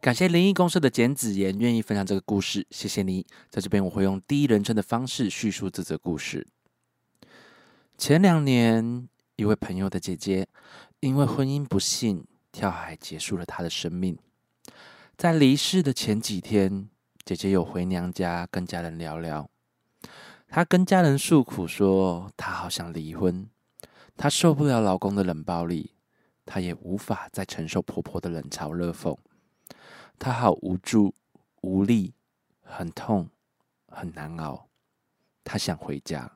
感謝靈異公社的簡子妍願意分享這個故事，謝謝你。在這邊，我會用第一人稱的方式敘述這則故事。前兩年，一位朋友的姐姐因為婚姻不幸，跳海結束了她的生命。在離世的前幾天，姐姐有回娘家跟家人聊聊，她跟家人訴苦說，她好想離婚，她受不了老公的冷暴力，她也無法再承受婆婆的冷嘲熱諷。她好無助、無力，很痛、很難熬。她想回家。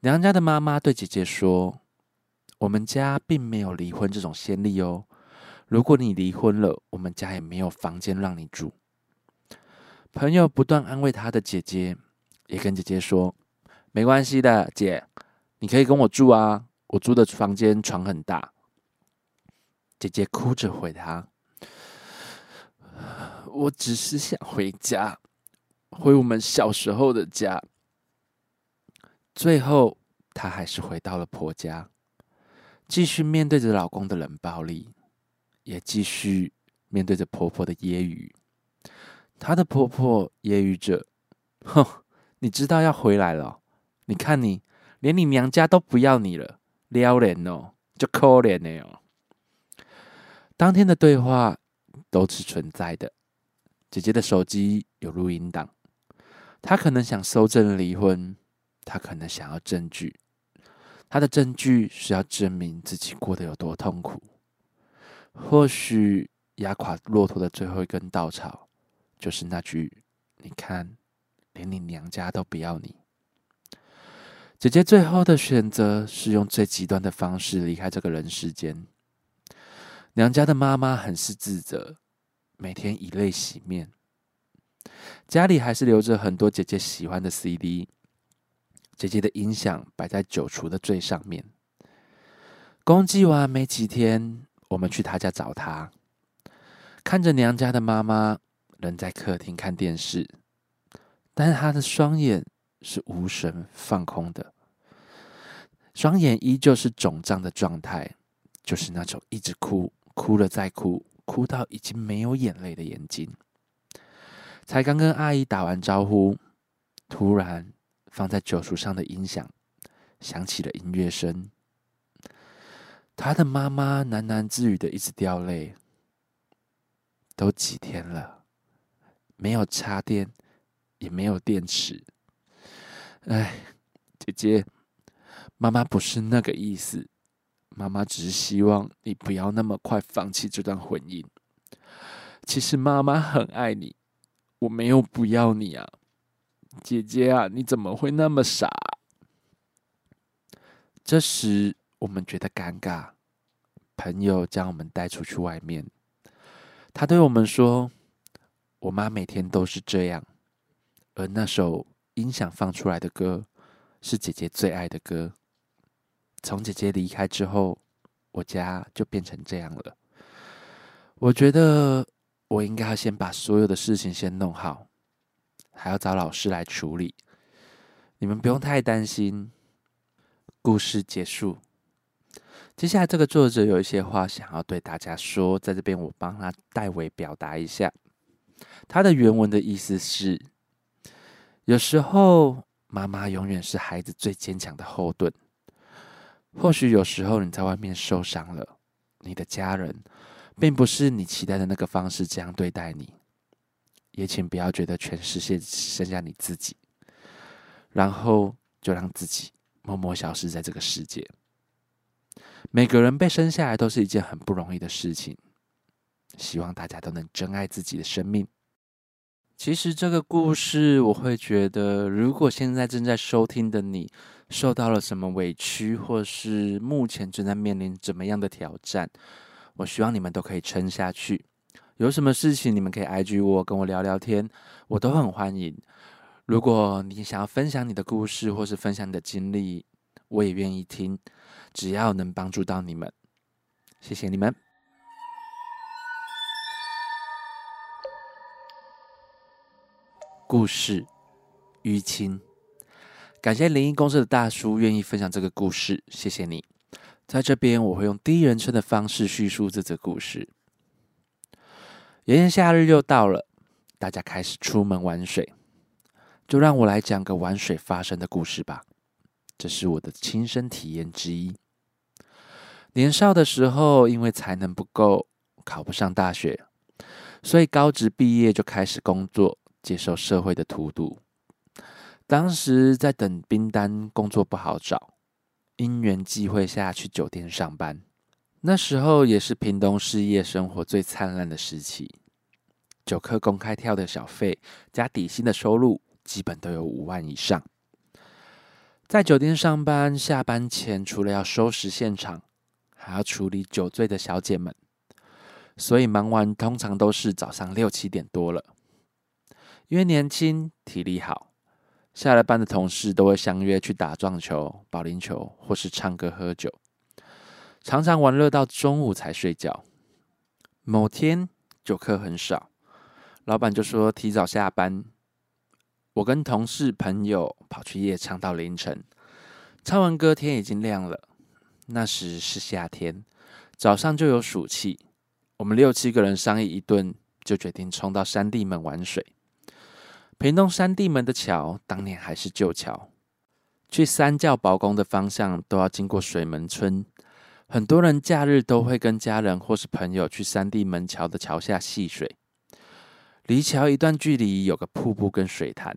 娘家的媽媽對姐姐說：“我們家並沒有離婚這種先例哦。如果你離婚了，我們家也沒有房間讓你住。”朋友不斷安慰她的姐姐，也跟姐姐說：“沒關係的，姐，你可以跟我住啊。我住的房間床很大。”姐姐哭着回他。我只是想回家，回我們小時候的家。最後，她還是回到了婆家，繼續面對着老公的冷暴力，也繼續面對着婆婆的揶揄。她的婆婆揶揄着：“哼，你知道要回來了？你看你，連你娘家都不要你了，撩人哦，就可憐你哦。”當天的對話都是存在的。姐姐的手機有錄音檔，她可能想搜證離婚，她可能想要證據，她的證據是要證明自己過得有多痛苦。或許壓垮駱駝的最後一根稻草，就是那句“你看，連你娘家都不要你”。姐姐最後的選擇是用最極端的方式離開這個人世間。娘家的媽媽很是自責。每天以淚洗面，家裡還是留着很多姐姐喜歡的 CD，姐姐的音響擺在酒櫥的最上面。公祭完沒幾天，我們去她家找她，看着娘家的媽媽人在客廳看電視，但是她的雙眼是無神放空的，雙眼依舊是腫脹的狀態，就是那種一直哭，哭了再哭。哭到已經沒有眼淚的眼睛，才剛跟阿姨打完招呼，突然放在酒櫥上的音響響起了音樂聲。她的媽媽喃喃自語的一直掉淚，都幾天了，沒有插電，也沒有電池。哎，姐姐，媽媽不是那個意思。媽媽只是希望你不要那麼快放棄這段婚姻。其實媽媽很愛你，我沒有不要你啊，姐姐啊，你怎麼會那麼傻？這時我們覺得尷尬，朋友將我們帶出去外面。他對我們說：“我媽每天都是這樣。”而那首音響放出來的歌是姐姐最愛的歌。從姐姐離開之後，我家就變成這樣了。我覺得我應該要先把所有的事情先弄好，還要找老師來處理。你們不用太擔心。故事結束，接下來這個作者有一些話想要對大家說，在這邊我幫他代為表達一下。他的原文的意思是：有時候媽媽永遠是孩子最堅強的後盾。或許有時候你在外面受傷了，你的家人，並不是你期待的那個方式這樣對待你，也請不要覺得全世界只剩下你自己，然後就讓自己默默消失在這個世界。每個人被生下來都是一件很不容易的事情，希望大家都能珍愛自己的生命。其實這個故事，我會覺得，如果現在正在收聽的你。受到了什麼委屈，或是目前正在面臨怎麼樣的挑戰？我希望你們都可以撐下去。有什麼事情，你們可以 IG 我，跟我聊聊天，我都很歡迎。如果你想要分享你的故事，或是分享你的經歷，我也願意聽，只要能幫助到你們。謝謝你們。故事，瘀青。感謝靈異公社的大叔願意分享這個故事，謝謝你。在這邊，我會用第一人稱的方式敘述這則故事。炎炎夏日又到了，大家開始出門玩水，就讓我來講個玩水發生的故事吧。這是我的親身體驗之一。年少的時候，因為才能不夠，考不上大學，所以高職畢業就開始工作，接受社會的荼毒。當時在等兵單，工作不好找，因緣際會下去酒店上班。那時候也是屏東事業生活最燦爛的時期，酒客公開跳的小費加底薪的收入，基本都有五萬以上。在酒店上班，下班前除了要收拾現場，還要處理酒醉的小姐們，所以忙完通常都是早上六七點多了。因為年輕，體力好。下了班的同事都會相約去打撞球、保齡球，或是唱歌喝酒，常常玩樂到中午才睡覺。某天酒客很少，老闆就說提早下班。我跟同事朋友跑去夜唱到凌晨，唱完歌天已經亮了。那時是夏天，早上就有暑氣。我們六七個人商議一頓，就決定衝到山地門玩水。屏東三地門的橋，當年還是舊橋。去三教寶宮的方向，都要經過水門村。很多人假日都會跟家人或是朋友去三地門橋的橋下戲水。離橋一段距離，有個瀑布跟水潭，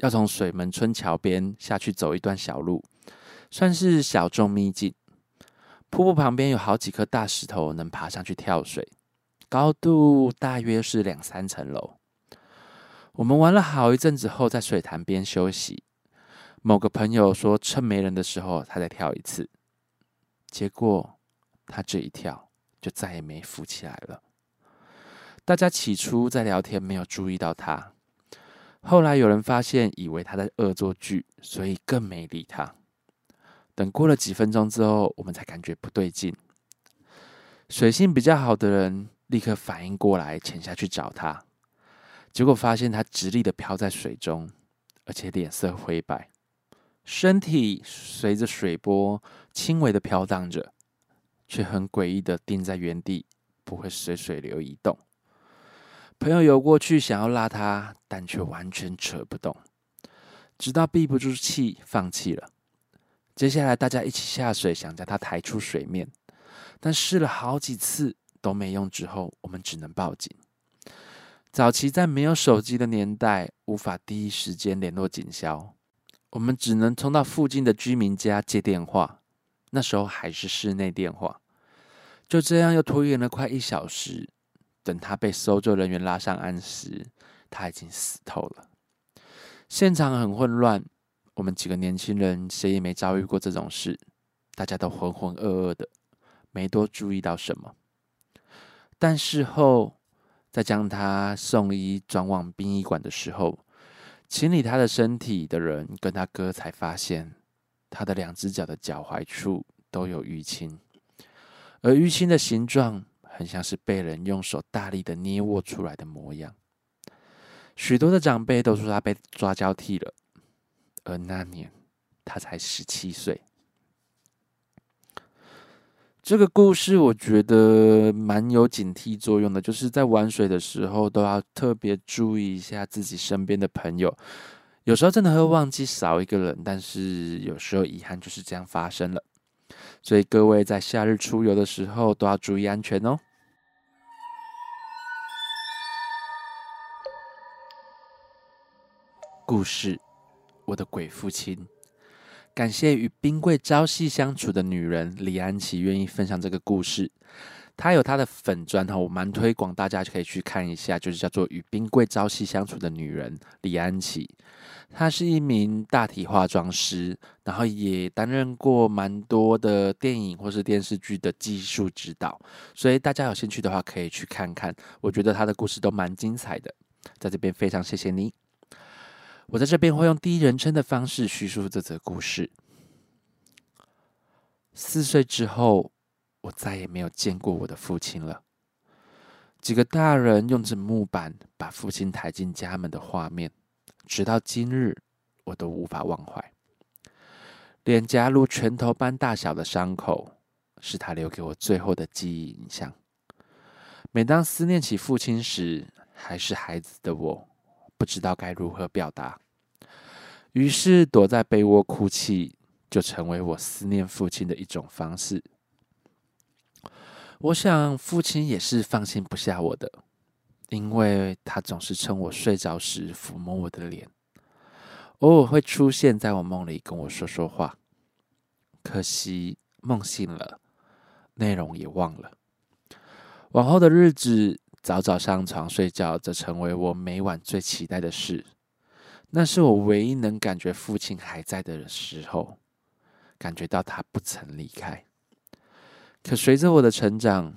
要從水門村橋邊下去走一段小路，算是小眾秘境。瀑布旁邊有好幾顆大石頭，能爬上去跳水，高度大約是兩三層樓。我們玩了好一陣子後，在水潭邊休息。某個朋友說：“趁沒人的時候，他再跳一次。”結果他這一跳，就再也沒浮起來了。大家起初在聊天，沒有注意到他。後來有人發現，以為他在惡作劇，所以更沒理他。等過了幾分鐘之後，我們才感覺不對勁。水性比較好的人立刻反應過來，潛下去找他。結果發現他直立的漂在水中，而且臉色灰白，身體隨着水波輕微的飄蕩着，卻很詭異的定在原地，不會隨水，水流移動。朋友游過去想要拉他，但卻完全扯不動，直到憋不住氣放棄了。接下來大家一起下水想將他抬出水面，但試了好幾次都沒用之後，我們只能報警。早期在沒有手機的年代，無法第一時間聯絡警消，我們只能衝到附近的居民家接電話。那時候還是室內電話，就這樣又拖延了快一小時。等他被搜救人員拉上岸時，他已經死透了。現場很混亂，我們幾個年輕人誰也沒遭遇過這種事，大家都渾渾噩噩的，沒多注意到什麼。但事後，在將他送醫轉往殯儀館的時候，清理他的身體的人跟他哥才發現，他的兩隻腳的腳踝處都有瘀青，而瘀青的形狀很像是被人用手大力的捏握出來的模樣。許多的長輩都說他被抓交替了，而那年他才十七歲。這個故事我覺得蠻有警惕作用的，就是在玩水的時候都要特別注意一下自己身邊的朋友。有時候真的會忘記少一個人，但是有時候遺憾就是這樣發生了。所以各位在夏日出遊的時候都要注意安全哦。故事，我的鬼父親。感謝與冰櫃朝夕相處的女人李安琪願意分享這個故事。她有她的粉專哈，我蠻推廣，大家可以去看一下，就是叫做與冰櫃朝夕相處的女人李安琪。她是一名大體化妝師，然後也擔任過蠻多的電影或是電視劇的技術指導。所以大家有興趣的話，可以去看看。我覺得她的故事都蠻精彩的。在這邊非常謝謝你。我在這邊會用第一人稱的方式敘述這則故事。四歲之後，我再也沒有見過我的父親了。幾個大人用着木板把父親抬進家門的畫面，直到今日，我都無法忘懷。臉頰如拳頭般大小的傷口，是他留給我最後的記憶影像。每當思念起父親時，還是孩子的我。不知道該如何表達，於是躲在被窩哭泣就成為我思念父親的一種方式。我想父親也是放心不下我的，因為他總是趁我睡着時撫摸我的臉，偶爾會出現在我夢裡跟我說說話。可惜夢醒了，內容也忘了。往後的日子。早早上床睡覺，這成為我每晚最期待的事。那是我唯一能感覺父親還在的時候，感覺到他不曾離開。可隨着我的成長，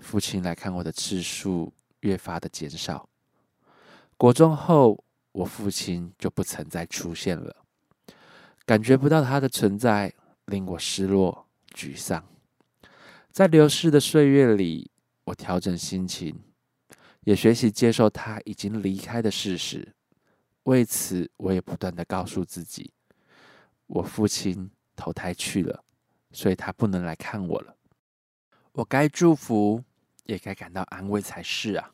父親來看我的次數越發的減少。國中後，我父親就不曾再出現了。感覺不到他的存在，令我失落、沮喪。在流逝的歲月裡，我調整心情。也學習接受他已經離開的事實。為此，我也不斷的告訴自己：我父親投胎去了，所以他不能來看我了。我該祝福，也該感到安慰才是啊。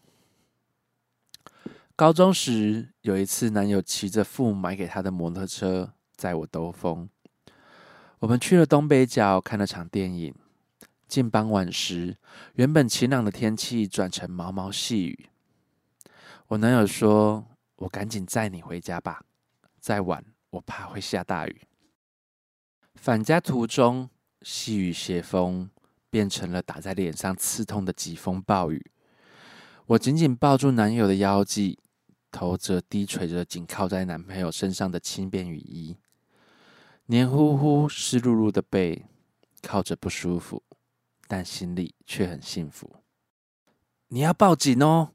高中時有一次，男友騎着父母買給他的摩托車載我兜風，我們去了東北角看了場電影。近傍晚時，原本晴朗的天氣轉成毛毛細雨。我男友說：“我趕緊載你回家吧，再晚我怕會下大雨。”返家途中，細雨斜風變成了打在臉上刺痛的疾風暴雨。我緊緊抱住男友的腰際，頭則低垂著，緊靠在男朋友身上的輕便雨衣，黏糊糊、濕漉漉的背靠着不舒服。但心裡卻很幸福。你要報警哦！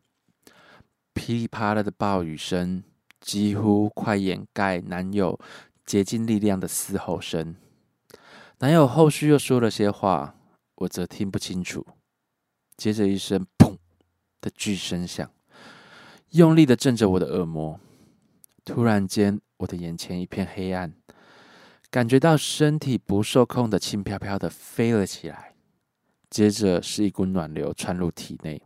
噼里啪啦的暴雨聲幾乎快掩蓋男友竭盡力量的嘶吼聲。男友後續又說了些話，我則聽不清楚。接着一聲“砰”的巨聲響，用力的震着我的耳膜。突然間，我的眼前一片黑暗，感覺到身體不受控的輕飄飄的飛了起來。接着是一股暖流穿入體內，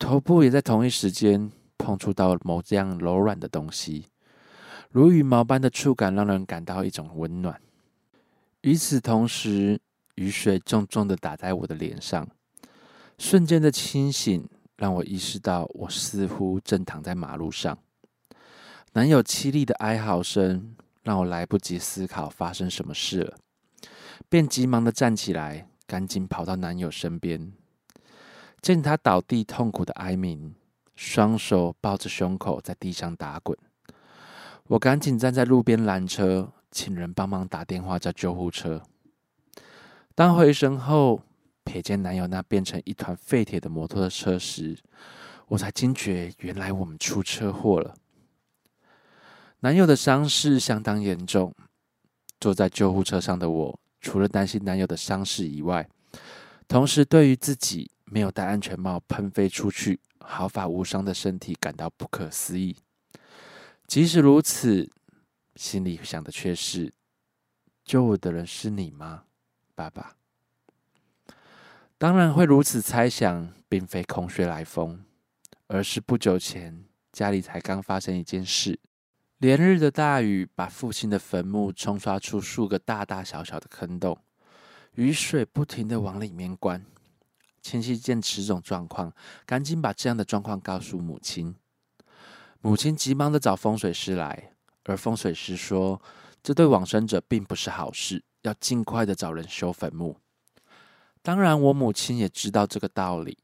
頭部也在同一時間碰觸到某這樣柔軟的東西，如羽毛般的觸感讓人感到一種溫暖。與此同時，雨水重重的打在我的臉上，瞬間的清醒讓我意識到我似乎正躺在馬路上。男友淒厲的哀嚎聲讓我來不及思考發生什麼事了，便急忙的站起來。趕緊跑到男友身邊，見他倒地痛苦的哀鳴，雙手抱着胸口在地上打滾。我趕緊站在路邊攔車，請人幫忙打電話叫救護車。當回身後，瞥見男友那變成一團廢鐵的摩托車時，我才驚覺原來我們出車禍了。男友的傷勢相當嚴重，坐在救護車上的我。除了擔心男友的傷勢以外，同時對於自己沒有戴安全帽噴飛出去，毫髮無傷的身體感到不可思議。即使如此，心裡想的卻是：救我的人是你嗎，爸爸？當然會如此猜想，並非空穴來風，而是不久前家裡才剛發生一件事。連日的大雨把父親的墳墓沖刷出數個大大小小的坑洞，雨水不停的往裡面灌。千汐見此種狀況，趕緊把這樣的狀況告訴母親。母親急忙的找風水師來，而風水師說這對往生者並不是好事，要盡快的找人修墳墓。當然，我母親也知道這個道理。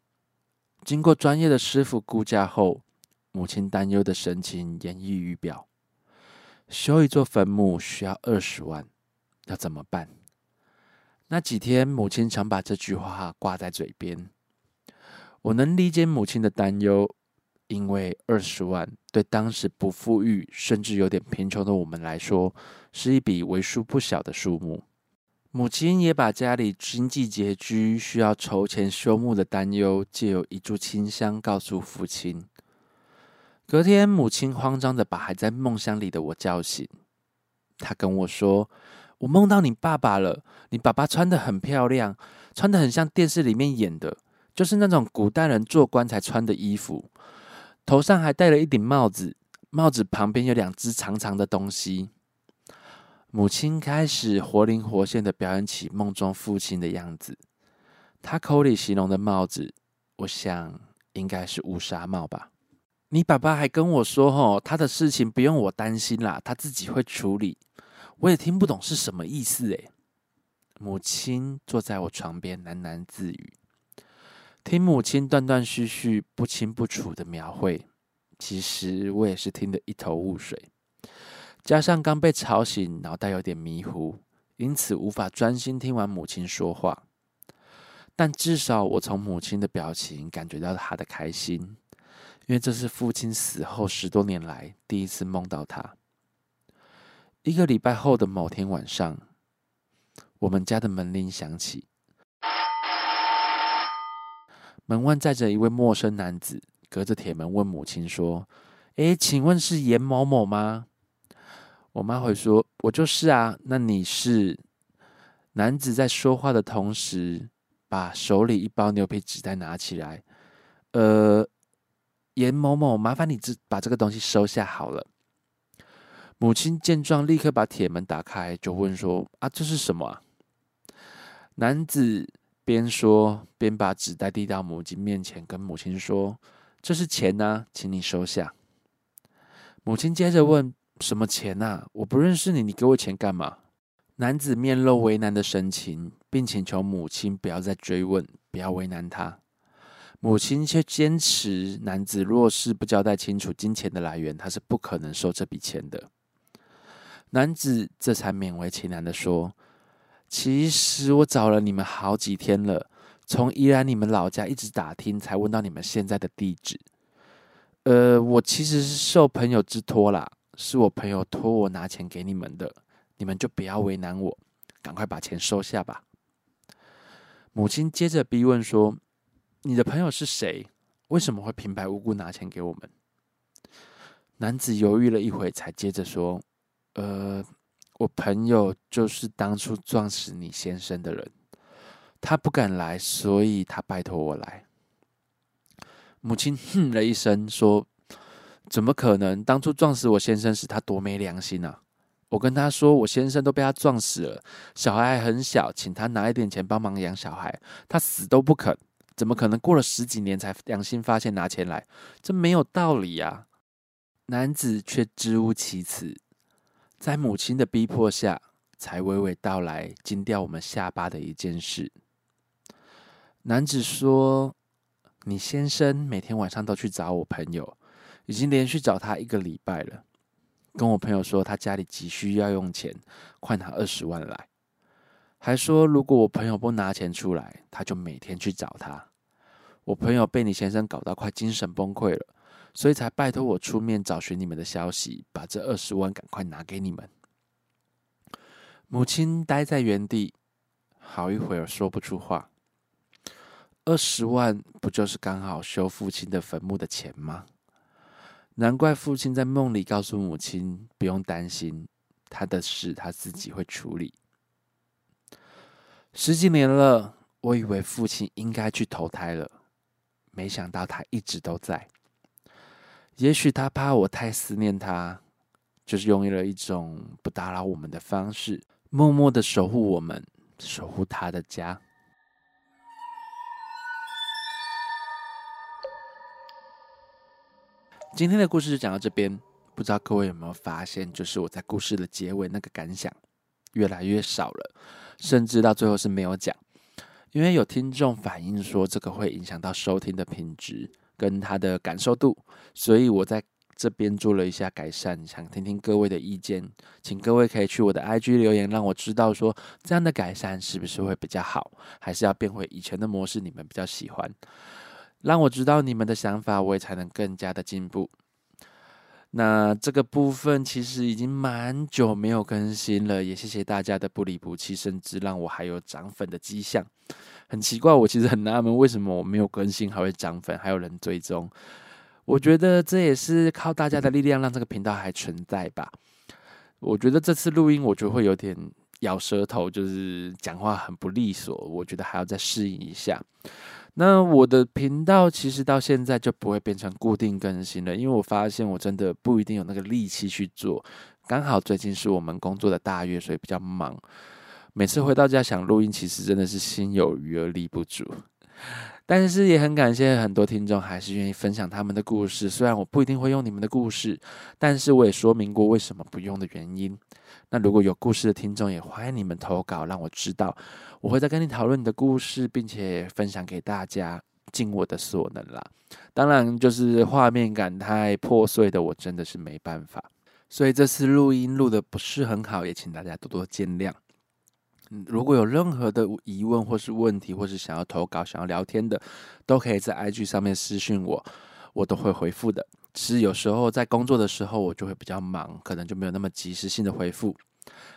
經過專業的師傅估價後，母親擔憂的神情言溢於表。修一座墳墓需要二十萬，要怎麼辦？那幾天，母親常把這句話掛在嘴邊。我能理解母親的擔憂，因為二十萬對當時不富裕，甚至有點貧窮的我們來說，是一筆為數不小的數目。母親也把家裡經濟拮据、需要籌錢修墓的擔憂，借由一炷清香告訴父親。隔天，母親慌張的把還在夢鄉裡的我叫醒，她跟我說：“我夢到你爸爸了，你爸爸穿得很漂亮，穿得很像電視裡面演的，就是那種古代人做官才穿的衣服，頭上還戴了一頂帽子，帽子旁邊有兩只長長的東西。”母親開始活靈活現的表演起夢中父親的樣子，她口裡形容的帽子，我想應該是烏紗帽吧。你爸爸還跟我說：“吼，他的事情不用我擔心啦，他自己會處理。”我也聽不懂是什麼意思。誒，母親坐在我床邊喃喃自語，聽母親斷斷續續、不清不楚的描繪，其實我也是聽得一頭霧水。加上剛被吵醒，腦袋有點迷糊，因此無法專心聽完母親說話。但至少我從母親的表情感覺到她的開心。因為這是父親死後十多年來第一次夢到他。一個禮拜後的某天晚上，我們家的門鈴響起，門外站着一位陌生男子，隔着鐵門問母親說：“誒，請問是嚴某某嗎？”我媽回說：“我就是啊。”那你是？男子在說話的同時，把手裡一包牛皮紙袋拿起來，呃。嚴某某，麻煩你這把這個東西收下好了。母親見狀，立刻把鐵門打開，就問說：“啊，這是什麼啊？”男子邊說邊把紙袋遞到母親面前，跟母親說：“這是錢啊，請你收下。”母親接着問：“什麼錢吶？我不認識你，你給我錢幹嘛？”男子面露為難的神情，並請求母親不要再追問，不要為難他。母親卻堅持，男子若是不交代清楚金錢的來源，他是不可能收這筆錢的。男子這才勉為其難的說：“其實我找了你們好幾天了，從宜蘭你們老家一直打聽，才問到你們現在的地址。呃，我其實是受朋友之托啦，是我朋友托我拿錢給你們的，你們就不要為難我，趕快把錢收下吧。”母親接着逼問說，你的朋友是誰？為什麼會平白無故拿錢給我們？男子猶豫了一會，才接着說：“呃，我朋友就是當初撞死你先生的人，他不敢來，所以他拜托我來。”母親哼了一聲，說：“怎麼可能？當初撞死我先生時，他多沒良心啊！我跟他說，我先生都被他撞死了，小孩還很小，請他拿一點錢幫忙養小孩，他死都不肯。”怎麼可能過了十幾年才良心發現拿錢來？這沒有道理呀、啊！男子卻支吾其詞，在母親的逼迫下，才娓娓道來驚掉我們下巴的一件事。男子說：“你先生每天晚上都去找我朋友，已經連續找他一個禮拜了。跟我朋友說他家裡急需要用錢，快拿二十萬來。還說如果我朋友不拿錢出來，他就每天去找他。”我朋友被你先生搞到快精神崩潰了，所以才拜託我出面找尋你們的消息，把這二十萬趕快拿給你們。母親待在原地，好一會兒說不出話。二十萬不就是剛好修父親的墳墓的錢嗎？難怪父親在夢裡告訴母親不用擔心，他的事他自己會處理。十幾年了，我以為父親應該去投胎了。沒想到他一直都在，也許他怕我太思念他，就是用了一種不打擾我們的方式，默默的守護我們，守護他的家。今天的故事就講到這邊，不知道各位有沒有發現，就是我在故事的結尾那個感想越來越少了，甚至到最後是沒有講。因為有聽眾反映說，這個會影響到收聽的品質跟他的感受度，所以我在這邊做了一下改善，想聽聽各位的意見，請各位可以去我的 IG 留言，讓我知道說這樣的改善是不是會比較好，還是要變回以前的模式，你們比較喜歡，讓我知道你們的想法，我也才能更加的進步。那這個部分其實已經蠻久沒有更新了，也謝謝大家的不離不棄，甚至讓我還有漲粉的跡象。很奇怪，我其實很納悶，為什麼我沒有更新還會漲粉，還有人追蹤？我覺得這也是靠大家的力量讓這個頻道還存在吧。我覺得這次錄音我就會有點咬舌頭，就是講話很不利索，我覺得還要再適應一下。那我的頻道其實到現在就不會變成固定更新了，因為我發現我真的不一定有那個力氣去做。剛好最近是我們工作的大月，所以比較忙。每次回到家想錄音，其實真的是心有餘而力不足。但是也很感謝很多聽眾還是願意分享他們的故事，雖然我不一定會用你們的故事，但是我也說明過為什麼不用的原因。那如果有故事的聽眾，也歡迎你們投稿，讓我知道，我會再跟你討論你的故事，並且分享給大家，盡我的所能啦。當然，就是畫面感太破碎的，我真的是沒辦法，所以這次錄音錄的不是很好，也請大家多多見諒。如果有任何的疑問或是問題，或是想要投稿、想要聊天的，都可以在 IG 上面私訊我，我都會回復的。其實有時候在工作的時候，我就會比較忙，可能就沒有那麼及時性的回復。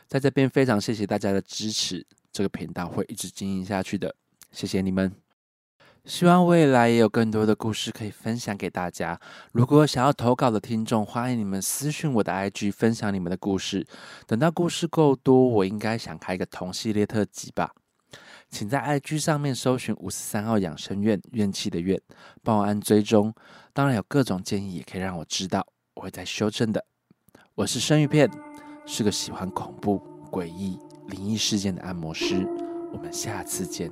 在這邊非常謝謝大家的支持，這個頻道會一直經營下去的，謝謝你們。希望未來也有更多的故事可以分享給大家。如果想要投稿的聽眾，歡迎你們私訊我的 IG，分享你們的故事。等到故事夠多，我應該想開一個同系列特輯吧。請在 IG 上面搜尋五十三號養生怨，怨氣的怨，幫我按追蹤。當然有各種建議也可以讓我知道，我會再修正的。我是生魚片，是個喜歡恐怖、詭異、靈異事件的按摩師。我們下次見。